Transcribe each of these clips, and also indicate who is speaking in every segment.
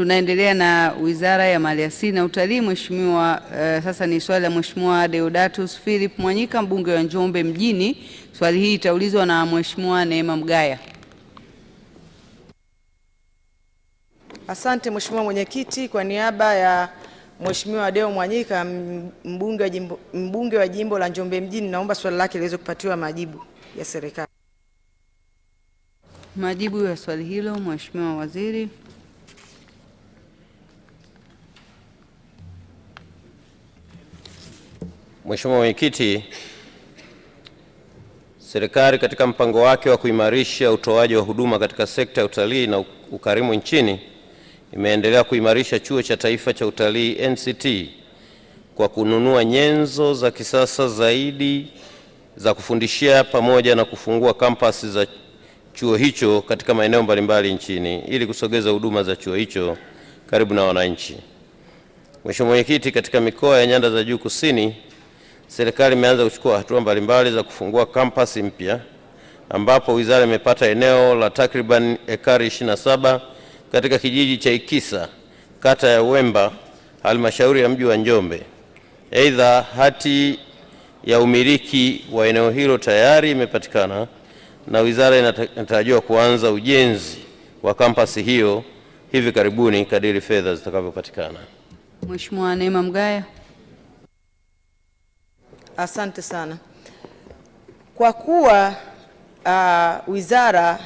Speaker 1: Tunaendelea na Wizara ya Maliasili na Utalii. Mheshimiwa uh, sasa ni swali la Mheshimiwa Deodatus Philip Mwanyika mbunge wa Njombe mjini. Swali hili itaulizwa na Mheshimiwa Neema Mgaya.
Speaker 2: Asante Mheshimiwa Mwenyekiti, kwa niaba ya Mheshimiwa Deo Mwanyika mbunge wa jimbo, mbunge wa jimbo la Njombe mjini, naomba swali lake liweze kupatiwa majibu ya serikali.
Speaker 1: Majibu ya swali hilo Mheshimiwa Waziri.
Speaker 3: Mheshimiwa Mwenyekiti, serikali katika mpango wake wa kuimarisha utoaji wa huduma katika sekta ya utalii na ukarimu nchini imeendelea kuimarisha Chuo cha Taifa cha Utalii NCT kwa kununua nyenzo za kisasa zaidi za kufundishia pamoja na kufungua kampasi za chuo hicho katika maeneo mbalimbali nchini ili kusogeza huduma za chuo hicho karibu na wananchi. Mheshimiwa Mwenyekiti, katika mikoa ya Nyanda za Juu Kusini serikali imeanza kuchukua hatua mbalimbali za kufungua kampasi mpya ambapo wizara imepata eneo la takriban ekari 27 katika kijiji cha Ikisa kata ya Wemba halmashauri ya mji wa Njombe. Aidha, hati ya umiliki wa eneo hilo tayari imepatikana na wizara inatarajiwa kuanza ujenzi wa kampasi hiyo hivi karibuni kadiri fedha zitakavyopatikana.
Speaker 1: Mheshimiwa Neema Mgaya.
Speaker 4: Asante sana. Kwa kuwa uh, wizara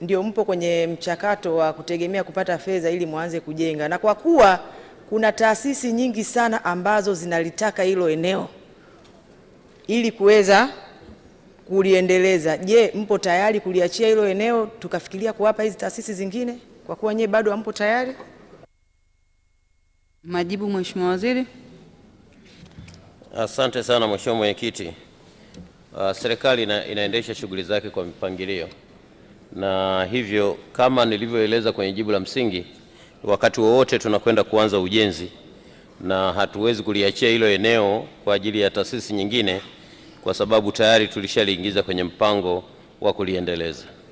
Speaker 4: ndio mpo kwenye mchakato wa kutegemea kupata fedha ili mwanze kujenga, na kwa kuwa kuna taasisi nyingi sana ambazo zinalitaka hilo eneo ili kuweza kuliendeleza, je, mpo tayari kuliachia hilo eneo tukafikiria kuwapa hizi taasisi zingine, kwa kuwa nyewe bado hampo tayari?
Speaker 1: Majibu, Mheshimiwa Waziri.
Speaker 5: Asante sana Mheshimiwa Mwenyekiti. Uh, serikali ina, inaendesha shughuli zake kwa mipangilio na hivyo kama nilivyoeleza kwenye jibu la msingi, wakati wowote tunakwenda kuanza ujenzi na hatuwezi kuliachia hilo eneo kwa ajili ya taasisi nyingine, kwa sababu tayari tulishaliingiza kwenye mpango wa kuliendeleza.